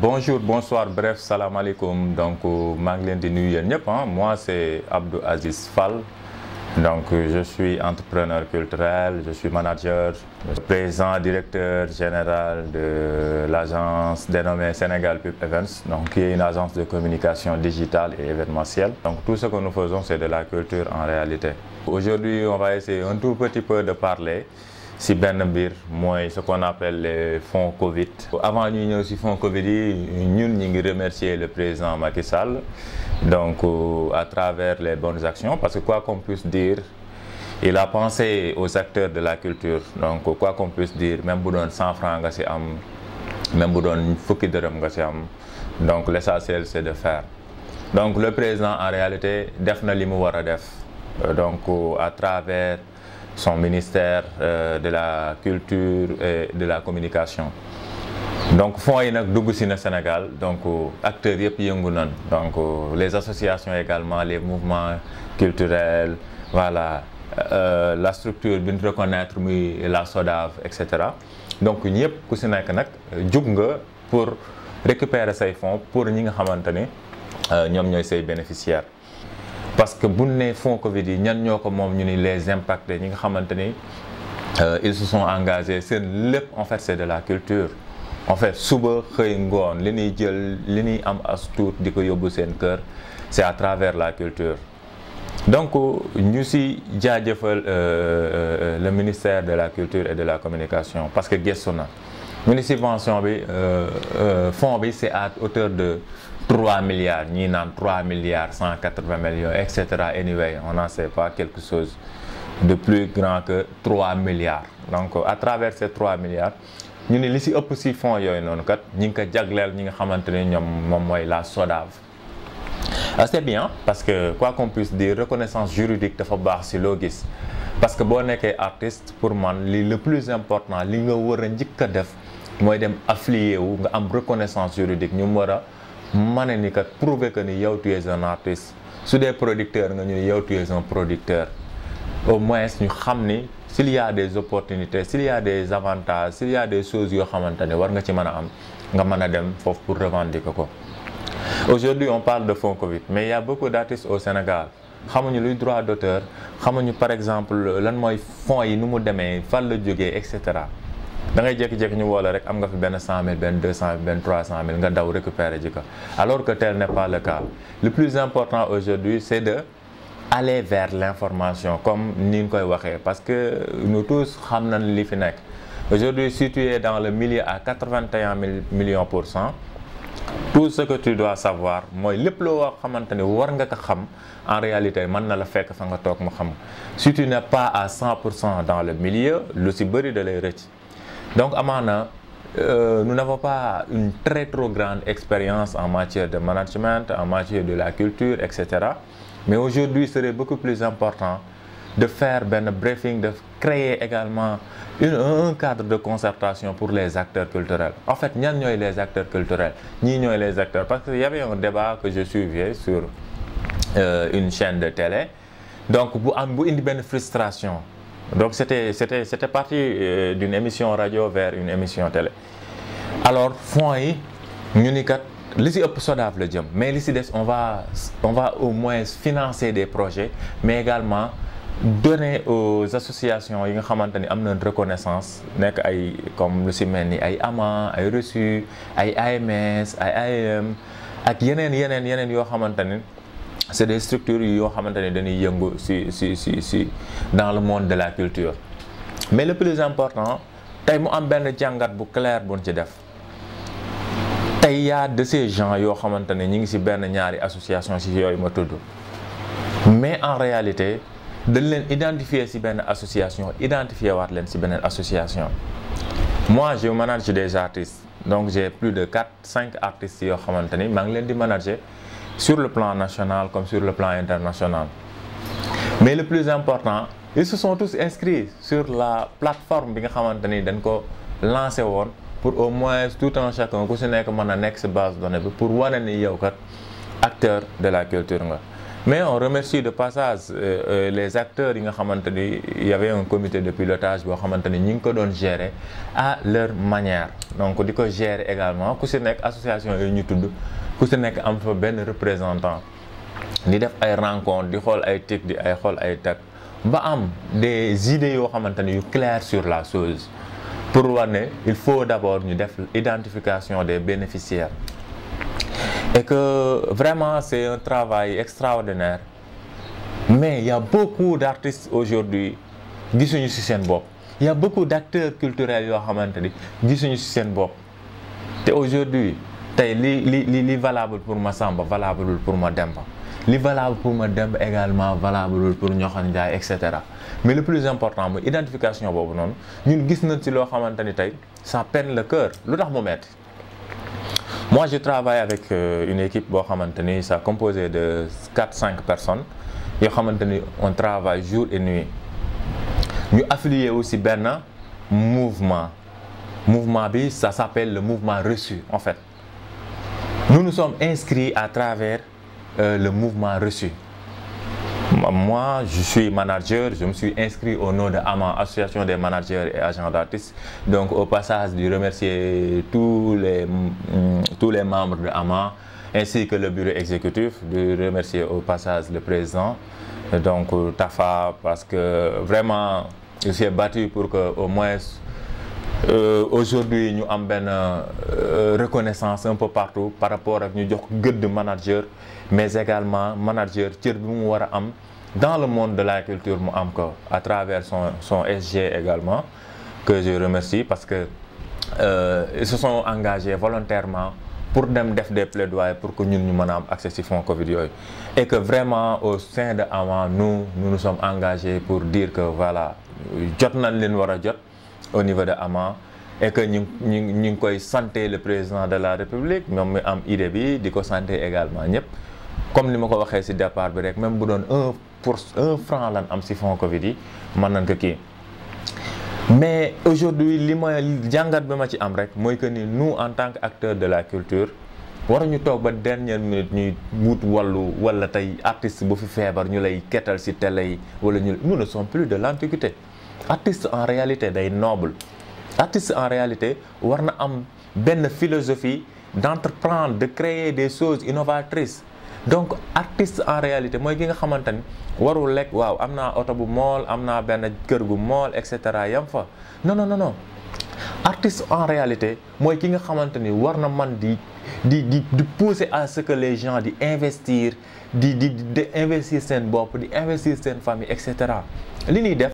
bonjour bonsoir bref salaamaaleykum donc maa ngi leen di nuyu ñëpp ah moi c'est Abdou Aziz Fall donc je suis entrepreneur culturel je suis manager président directeur général de l'agence dénommée Sénégal Pub Events donc qui est une agence de communication digitale et événementielle donc tout ce que nous faisons c'est de la culture en réalité aujourd'hui on va essayer un tout petit peu de parler si benn mbir mooy ce qu'on appelle les fonds Covid. avant ñuy ñëw si fonds Covid yi ñun ñi ngi remercier le président Macky Sall donc euh, à travers les bonnes actions parce que quoi qu'on puisse dire il a pensé au acteurs de la culture donc quoi qu'on puisse dire même bu doon cent nga si am même bu doon fukki dërëm nga si am donc l'essentiel c'est de faire donc le président en réalité def na li mu war a def euh, donc euh, à travers. son ministère euh, de la culture e de la communication donc fonds yi nag dugg si na Sénégal donc euh, acteurs yëpp yëngu nan donc euh, les associations également les mouvements culturels voilà euh, la structure bi ñu reconnaître muy la SODAV et cetera donc ñëpp ku si nekk nag jug nga pour récupérer say fonds pour ñi nga xamante ni ñoom ñooy say bénéficiaires parce que bu ne fonds Covid yi ñan ñoo ko moom ñu ni les impactés ñi nga xamante ni euh, ils se sont engagés seen lépp en fait c'est de la culture. en fait suba xëy ngoon li ñuy jël li ñuy am as tuut di ko yóbbu seen kër c'est à travers la culture. donc ñu si jaajëfal euh, euh, le ministère de la culture et de la communication parce que gëstu na. ñu ni subvention bi euh, euh, fonds bi c'est à hauteur de trois milliards ñii naan trois milliards cent quatre-vingts millions et cetera anyway on n'en sait pas quelque chose de plus grand que trois milliards donc à travers ces trois milliards ñu ni li si ëpp si fonds yooyu noonu kat ñi ngi ko jagleel ñi nga xamante ne ñoom moom mooy la SODAV ah, c'est bien parce que quoi qu'on puisse dire reconnaissance juridique dafa baax si loo gis parce que boo nekkee artiste pour man li le plus important li nga war a njëkk a def mooy dem affilié wu nga am reconnaissance juridique ñu war a mën a ni kat prouver que ni yow tu es un artiste su dee producteur nga ñu ni yow un producteur au moins ñu xam ni s'il y a des opportunités s'il y a des avantages s'il y a des choses yoo xamante ne war nga ci mën a am nga mën a dem foofu pour revendiquer ko aujourd'hui on parle de fonds Covid mais il y a beaucoup d'artistes au Sénégal xamuñu luy droit d'auteur xamuñu par exemple lan mooy fonds yi nu mu demee fan la jógee et cetera da ngay jékki ñu woo rek am nga fi benn cent mille benn deux cent mille benn trois nga daw récupérer ji ko alors que tel n'est pas le cas le plus important aujourd'hui c'est de aller vers l'information comme ni nga koy waxee parce que nous tous xam na li fi nekk aujourd'hui si tu es dans le millier à quatre-vingt-un millions pour cent tout ce que tu dois savoir mooy lépp loo xamante ni war nga ko xam en réalité mën na la fekk fa nga toog mu xam si tu pas à cent pour cent dans le millier lu si bëri da lay rëcc donc amaana euh, nous n'avons pas une très trop grande expérience en matière de management en matière de la culture etc mais aujourd'hui il serait beaucoup plus important de faire benn briefing de créer également un cadre de concertation pour les acteurs culturels en fait ñan ñooy les acteurs culturels ñii ñooy les acteurs parce que y avait un débat que je suivais sur euh, une chaîne de télé donc bu am indi benn frustration donc c'était c'était c'était parti euh, d'une émission rajo vers une émission télé alors fonds yi ñu ni kat li si ëpp SODAV la jëm mais li si des on va on au moins financer des projets mais également donner aux associations yi nga xamante ni am na reconnaissance nekk ay comme lu si mel ni ay AMA ay RESU ay AMS ay AEM ak yeneen yeneen yeneen yoo xamante ni c'est des structures yoo xamante ne dañuy yëngu si si si si dans le monde de la culture mais le plus important tey mu am benn jàngat bu clair buñ ci def tey yaa de ces yoo xamante ne ñi ngi si benn ñaari association si yooyu ma tudd mais en réalité dañ leen identifier si benn association identifier waat leen si beneen association moi je manage des artistes donc j'ai plus de quatre cinq artistes yoo xamante ni maa ngi leen di manager sur le plan national comme sur le plan international. Mais le plus important, ils se sont tous inscrits sur la plateforme bi nga xamante ni dañ ko lancé woon pour au moins tout un chacun ku si nekk mën a nekk si base donnée bi pour wane ni yow kat acteur de la culture nga. Mais on remercie de passage euh, euh, les acteurs yi nga xamante ni y un comité de pilotage boo xamante ni ñi ngi ko doon gérer à leur manière donc di ko gérer également ku si nekk association yi ñu tudd. ku si nekk am fa benn représentant di def ay rencontre di xool ay tig di ay xool ay tag ba am des idées yoo xamante ne yu claires sur la chose pour war ne il faut d'abord ñu def identification des bénéficiaires et que vraiment c'est un travail extraordinaire mais il y a beaucoup d'artistes aujourd'hui gisuñu ci seen bopp il y a beaucoup d'acteurs culturels yoo xamante ni gisuñu ci seen bopp te aujourd'hui tey li li li li valable pour ma Samba valableul pour ma Demba li valable pour ma Demba également valableul pour Ñoxan Njaay et cetera mais le plus important mooy identification boobu noonu ñun gis nañ ci loo xamante ni tey ça peine la cœur lu tax mu metti moi je travaille avec euh, une équipe boo xamante ni ça composé de quatre cinq personnes yoo xamante ni on travaille jour et nuit ñu affilié si benn mouvement mouvement bi sa s'appelle le mouvement reçu en fait Nous nous sommes inscrits à travers euh, le mouvement reçu. Moi, je suis manager, je me suis inscrit au nom de AMA, Association des managers et agents d'artistes. Donc, au passage, je remercier tous les, tous les membres de AMA ainsi que le bureau exécutif, de remercier au passage le président, donc Tafa, parce que vraiment, il s'est battu pour que au moins Euh, aujourd'hui ñu am benn euh, reconnaissance un peu partout par rapport ak ñu jox gëdd manager mais également manager cër bi mu war a am dans le monde de la culture mu am ko à travers son son SG également que je remercie parce que euh, ils se sont engagés volontairement pour dem def des plaidoyers pour que ñun ñu mën a am accès ci fonds Covid yooyu et que vraiment au sein de AMAN nous nous nous sommes engagés pour dire que voilà jot nañ leen war a jot au niveau de Ama et que ñu ngi ñu ngi koy santé le président de la république moom mi am idée bi di ko santé également ñëpp comme ni ma ko waxee ci départ bi rek même bu doon un pour un lan am ci fonds Covid yi mën nañ ko kii mais aujourd'hui li ma jàngat bi ma ci am rek mooy que ni nous en tant que acteur de la culture waruñu toog ba dernière minute ñuy wut wàllu wala tey artiste bu fi feebar ñu lay kettal ci télé yi wala ñu nous ne sommes plus de l'antiquité artiste en réalité day noble artiste en réalité war na am benn philosophie d'entreprendre de créer des choses innovatrices donc artiste en réalité mooy ki nga xamante ni warul lekk waaw am naa oto bu mool am naa benn kër gu mool et cetera yam fa non non non non artiste en réalité mooy ki nga xamante ni war na man di di di di pousser à ce que les gens di investir di di di investir seen bopp di investir seen famille et cetera li ñuy def